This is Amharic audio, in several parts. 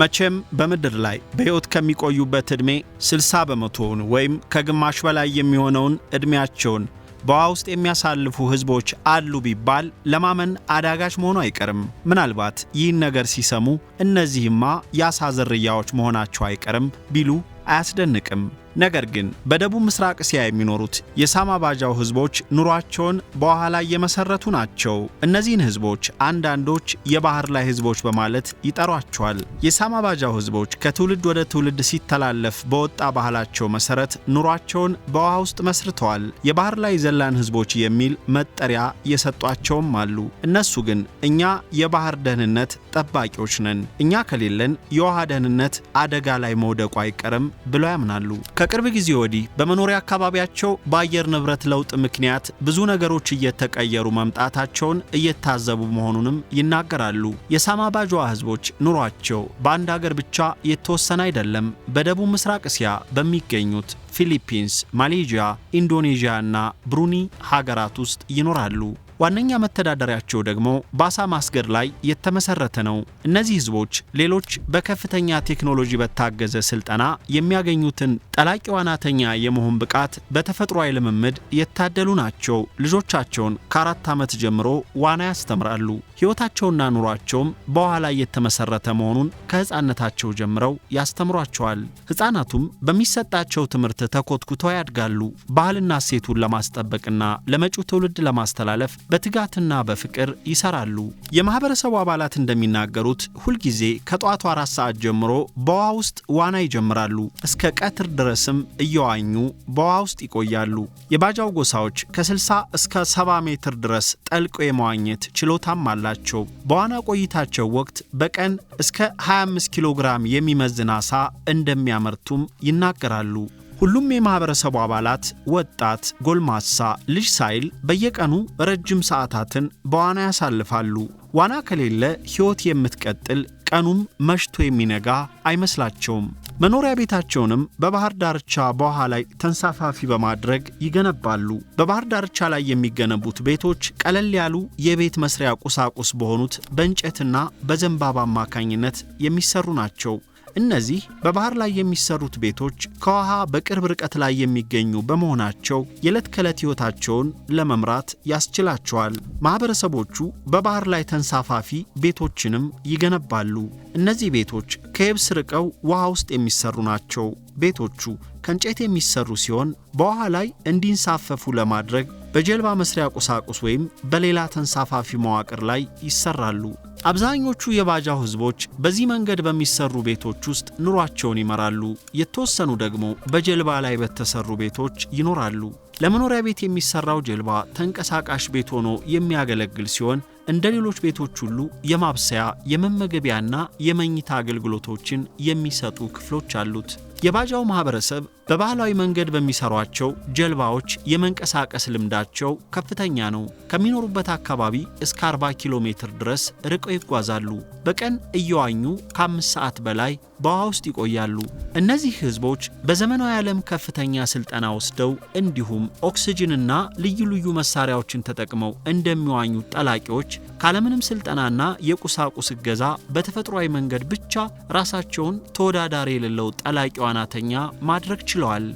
መቼም በምድር ላይ በሕይወት ከሚቆዩበት ዕድሜ 60 በመቶውን ወይም ከግማሽ በላይ የሚሆነውን ዕድሜያቸውን በውሃ ውስጥ የሚያሳልፉ ሕዝቦች አሉ ቢባል ለማመን አዳጋች መሆኑ አይቀርም። ምናልባት ይህን ነገር ሲሰሙ እነዚህማ የአሳ ዝርያዎች መሆናቸው አይቀርም ቢሉ አያስደንቅም። ነገር ግን በደቡብ ምስራቅ እስያ የሚኖሩት የሳማ ባጃው ህዝቦች ኑሯቸውን በውሃ ላይ የመሰረቱ ናቸው። እነዚህን ህዝቦች አንዳንዶች የባህር ላይ ህዝቦች በማለት ይጠሯቸዋል። የሳማ ባጃው ህዝቦች ከትውልድ ወደ ትውልድ ሲተላለፍ በወጣ ባህላቸው መሰረት ኑሯቸውን በውሃ ውስጥ መስርተዋል። የባህር ላይ ዘላን ህዝቦች የሚል መጠሪያ የሰጧቸውም አሉ። እነሱ ግን እኛ የባህር ደህንነት ጠባቂዎች ነን፣ እኛ ከሌለን የውሃ ደህንነት አደጋ ላይ መውደቁ አይቀርም ብለው ያምናሉ። ከቅርብ ጊዜ ወዲህ በመኖሪያ አካባቢያቸው በአየር ንብረት ለውጥ ምክንያት ብዙ ነገሮች እየተቀየሩ መምጣታቸውን እየታዘቡ መሆኑንም ይናገራሉ። የሳማ ባጇ ህዝቦች ኑሯቸው በአንድ አገር ብቻ የተወሰነ አይደለም። በደቡብ ምስራቅ እስያ በሚገኙት ፊሊፒንስ፣ ማሌዥያ፣ ኢንዶኔዥያ እና ብሩኒ ሀገራት ውስጥ ይኖራሉ። ዋነኛ መተዳደሪያቸው ደግሞ በአሳ ማስገር ላይ የተመሰረተ ነው። እነዚህ ህዝቦች ሌሎች በከፍተኛ ቴክኖሎጂ በታገዘ ስልጠና የሚያገኙትን ጠላቂ ዋናተኛ የመሆን ብቃት በተፈጥሯዊ ልምምድ የታደሉ ናቸው። ልጆቻቸውን ከአራት ዓመት ጀምሮ ዋና ያስተምራሉ። ሕይወታቸውና ኑሯቸውም በውሃ ላይ የተመሰረተ መሆኑን ከሕፃንነታቸው ጀምረው ያስተምሯቸዋል። ሕፃናቱም በሚሰጣቸው ትምህርት ተኮትኩተው ያድጋሉ። ባህልና እሴቱን ለማስጠበቅና ለመጪው ትውልድ ለማስተላለፍ በትጋትና በፍቅር ይሰራሉ። የማህበረሰቡ አባላት እንደሚናገሩት ሁልጊዜ ከጠዋቱ አራት ሰዓት ጀምሮ በውሃ ውስጥ ዋና ይጀምራሉ። እስከ ቀትር ድረስም እየዋኙ በውሃ ውስጥ ይቆያሉ። የባጃው ጎሳዎች ከ60 እስከ 70 ሜትር ድረስ ጠልቆ የመዋኘት ችሎታም አላቸው። በዋና ቆይታቸው ወቅት በቀን እስከ 25 ኪሎ ግራም የሚመዝን አሳ እንደሚያመርቱም ይናገራሉ። ሁሉም የማኅበረሰቡ አባላት ወጣት፣ ጎልማሳ፣ ልጅ ሳይል በየቀኑ ረጅም ሰዓታትን በዋና ያሳልፋሉ። ዋና ከሌለ ሕይወት የምትቀጥል ቀኑም መሽቶ የሚነጋ አይመስላቸውም። መኖሪያ ቤታቸውንም በባህር ዳርቻ በውሃ ላይ ተንሳፋፊ በማድረግ ይገነባሉ። በባህር ዳርቻ ላይ የሚገነቡት ቤቶች ቀለል ያሉ የቤት መስሪያ ቁሳቁስ በሆኑት በእንጨትና በዘንባባ አማካኝነት የሚሰሩ ናቸው። እነዚህ በባህር ላይ የሚሰሩት ቤቶች ከውሃ በቅርብ ርቀት ላይ የሚገኙ በመሆናቸው የዕለት ከዕለት ሕይወታቸውን ለመምራት ያስችላቸዋል። ማኅበረሰቦቹ በባህር ላይ ተንሳፋፊ ቤቶችንም ይገነባሉ። እነዚህ ቤቶች ከየብስ ርቀው ውሃ ውስጥ የሚሰሩ ናቸው። ቤቶቹ ከእንጨት የሚሰሩ ሲሆን በውሃ ላይ እንዲንሳፈፉ ለማድረግ በጀልባ መስሪያ ቁሳቁስ ወይም በሌላ ተንሳፋፊ መዋቅር ላይ ይሰራሉ። አብዛኞቹ የባጃው ህዝቦች በዚህ መንገድ በሚሰሩ ቤቶች ውስጥ ኑሯቸውን ይመራሉ። የተወሰኑ ደግሞ በጀልባ ላይ በተሰሩ ቤቶች ይኖራሉ። ለመኖሪያ ቤት የሚሰራው ጀልባ ተንቀሳቃሽ ቤት ሆኖ የሚያገለግል ሲሆን እንደ ሌሎች ቤቶች ሁሉ የማብሰያ የመመገቢያና የመኝታ አገልግሎቶችን የሚሰጡ ክፍሎች አሉት። የባጃው ማህበረሰብ በባህላዊ መንገድ በሚሰሯቸው ጀልባዎች የመንቀሳቀስ ልምዳቸው ከፍተኛ ነው። ከሚኖሩበት አካባቢ እስከ 40 ኪሎ ሜትር ድረስ ርቀው ይጓዛሉ። በቀን እየዋኙ ከአምስት ሰዓት በላይ በውሃ ውስጥ ይቆያሉ። እነዚህ ህዝቦች በዘመናዊ ዓለም ከፍተኛ ስልጠና ወስደው እንዲሁም ኦክስጅንና ልዩ ልዩ መሳሪያዎችን ተጠቅመው እንደሚዋኙ ጠላቂዎች ካለምንም ስልጠናና የቁሳቁስ እገዛ በተፈጥሯዊ መንገድ ብቻ ራሳቸውን ተወዳዳሪ የሌለው ጠላቂ ዋናተኛ ማድረግ ችለዋል።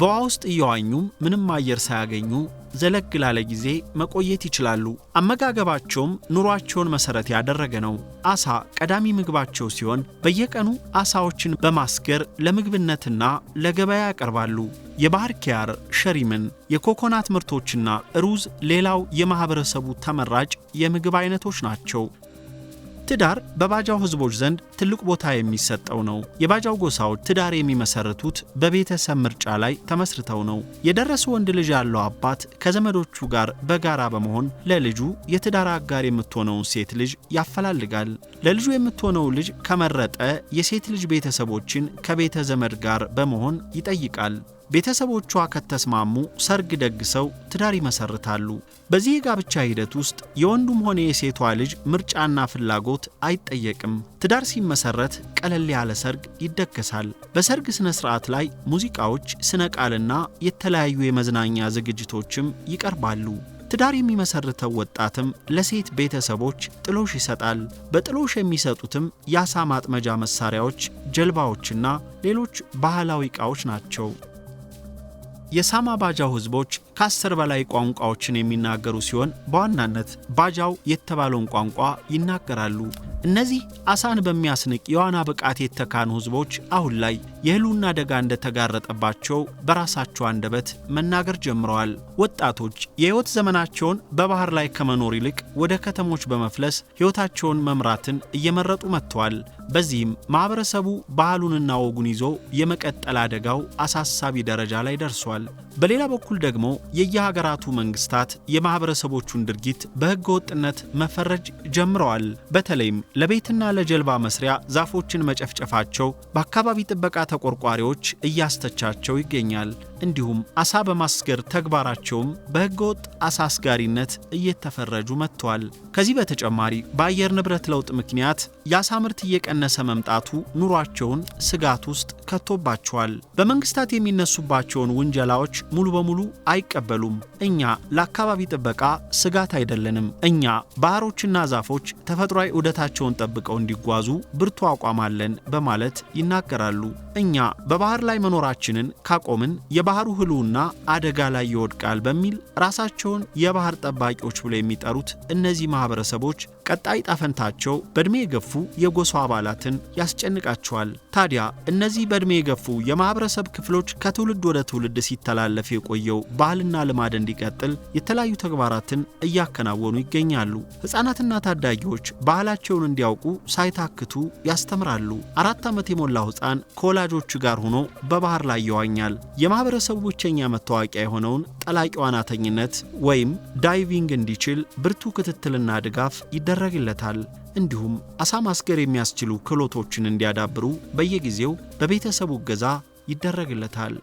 በውሃ ውስጥ እየዋኙም ምንም አየር ሳያገኙ ዘለግ ላለ ጊዜ መቆየት ይችላሉ። አመጋገባቸውም ኑሯቸውን መሠረት ያደረገ ነው። አሳ ቀዳሚ ምግባቸው ሲሆን በየቀኑ አሳዎችን በማስገር ለምግብነትና ለገበያ ያቀርባሉ። የባህር ኪያር፣ ሸሪምን፣ የኮኮናት ምርቶችና ሩዝ ሌላው የማኅበረሰቡ ተመራጭ የምግብ አይነቶች ናቸው። ትዳር በባጃው ህዝቦች ዘንድ ትልቅ ቦታ የሚሰጠው ነው። የባጃው ጎሳዎች ትዳር የሚመሰርቱት በቤተሰብ ምርጫ ላይ ተመስርተው ነው። የደረሰ ወንድ ልጅ ያለው አባት ከዘመዶቹ ጋር በጋራ በመሆን ለልጁ የትዳር አጋር የምትሆነውን ሴት ልጅ ያፈላልጋል። ለልጁ የምትሆነው ልጅ ከመረጠ የሴት ልጅ ቤተሰቦችን ከቤተ ዘመድ ጋር በመሆን ይጠይቃል። ቤተሰቦቿ ከተስማሙ ሰርግ ደግሰው ትዳር ይመሰርታሉ። በዚህ የጋብቻ ሂደት ውስጥ የወንዱም ሆነ የሴቷ ልጅ ምርጫና ፍላጎት አይጠየቅም። ትዳር ሲመሰረት ቀለል ያለ ሰርግ ይደገሳል። በሰርግ ስነ ስርዓት ላይ ሙዚቃዎች፣ ስነ ቃልና የተለያዩ የመዝናኛ ዝግጅቶችም ይቀርባሉ። ትዳር የሚመሰርተው ወጣትም ለሴት ቤተሰቦች ጥሎሽ ይሰጣል። በጥሎሽ የሚሰጡትም የአሳ ማጥመጃ መሳሪያዎች፣ ጀልባዎችና ሌሎች ባህላዊ ዕቃዎች ናቸው። የሳማ ባጃው ህዝቦች ከአስር በላይ ቋንቋዎችን የሚናገሩ ሲሆን በዋናነት ባጃው የተባለውን ቋንቋ ይናገራሉ። እነዚህ አሳን በሚያስንቅ የዋና ብቃት የተካኑ ህዝቦች አሁን ላይ የህልውና አደጋ እንደተጋረጠባቸው በራሳቸው አንደበት መናገር ጀምረዋል። ወጣቶች የሕይወት ዘመናቸውን በባህር ላይ ከመኖር ይልቅ ወደ ከተሞች በመፍለስ ሕይወታቸውን መምራትን እየመረጡ መጥተዋል። በዚህም ማኅበረሰቡ ባህሉንና ወጉን ይዞ የመቀጠል አደጋው አሳሳቢ ደረጃ ላይ ደርሷል። በሌላ በኩል ደግሞ የየሀገራቱ መንግስታት የማኅበረሰቦቹን ድርጊት በሕገ ወጥነት መፈረጅ ጀምረዋል። በተለይም ለቤትና ለጀልባ መስሪያ ዛፎችን መጨፍጨፋቸው በአካባቢ ጥበቃ ተቆርቋሪዎች እያስተቻቸው ይገኛል። እንዲሁም አሳ በማስገር ተግባራቸውም በሕገወጥ አሳ አስጋሪነት እየተፈረጁ መጥቷል። ከዚህ በተጨማሪ በአየር ንብረት ለውጥ ምክንያት የአሳ ምርት እየቀነሰ መምጣቱ ኑሯቸውን ስጋት ውስጥ ከቶባቸዋል። በመንግስታት የሚነሱባቸውን ውንጀላዎች ሙሉ በሙሉ አይቀበሉም። እኛ ለአካባቢ ጥበቃ ስጋት አይደለንም፣ እኛ ባህሮችና ዛፎች ተፈጥሯዊ ዑደታቸው ራሳቸውን ጠብቀው እንዲጓዙ ብርቱ አቋም አለን በማለት ይናገራሉ። እኛ በባህር ላይ መኖራችንን ካቆምን የባህሩ ህልውና አደጋ ላይ ይወድቃል በሚል ራሳቸውን የባህር ጠባቂዎች ብለው የሚጠሩት እነዚህ ማህበረሰቦች ቀጣይ ጣፈንታቸው በእድሜ የገፉ የጎሳ አባላትን ያስጨንቃቸዋል። ታዲያ እነዚህ በእድሜ የገፉ የማህበረሰብ ክፍሎች ከትውልድ ወደ ትውልድ ሲተላለፍ የቆየው ባህልና ልማድ እንዲቀጥል የተለያዩ ተግባራትን እያከናወኑ ይገኛሉ። ሕፃናትና ታዳጊዎች ባህላቸውን እንዲያውቁ ሳይታክቱ ያስተምራሉ። አራት ዓመት የሞላው ሕፃን ከወላ ከወዳጆቹ ጋር ሆኖ በባህር ላይ ይዋኛል። የማህበረሰቡ ብቸኛ መታወቂያ የሆነውን ጠላቂ ዋናተኝነት ወይም ዳይቪንግ እንዲችል ብርቱ ክትትልና ድጋፍ ይደረግለታል። እንዲሁም አሳ ማስገር የሚያስችሉ ክህሎቶችን እንዲያዳብሩ በየጊዜው በቤተሰቡ እገዛ ይደረግለታል።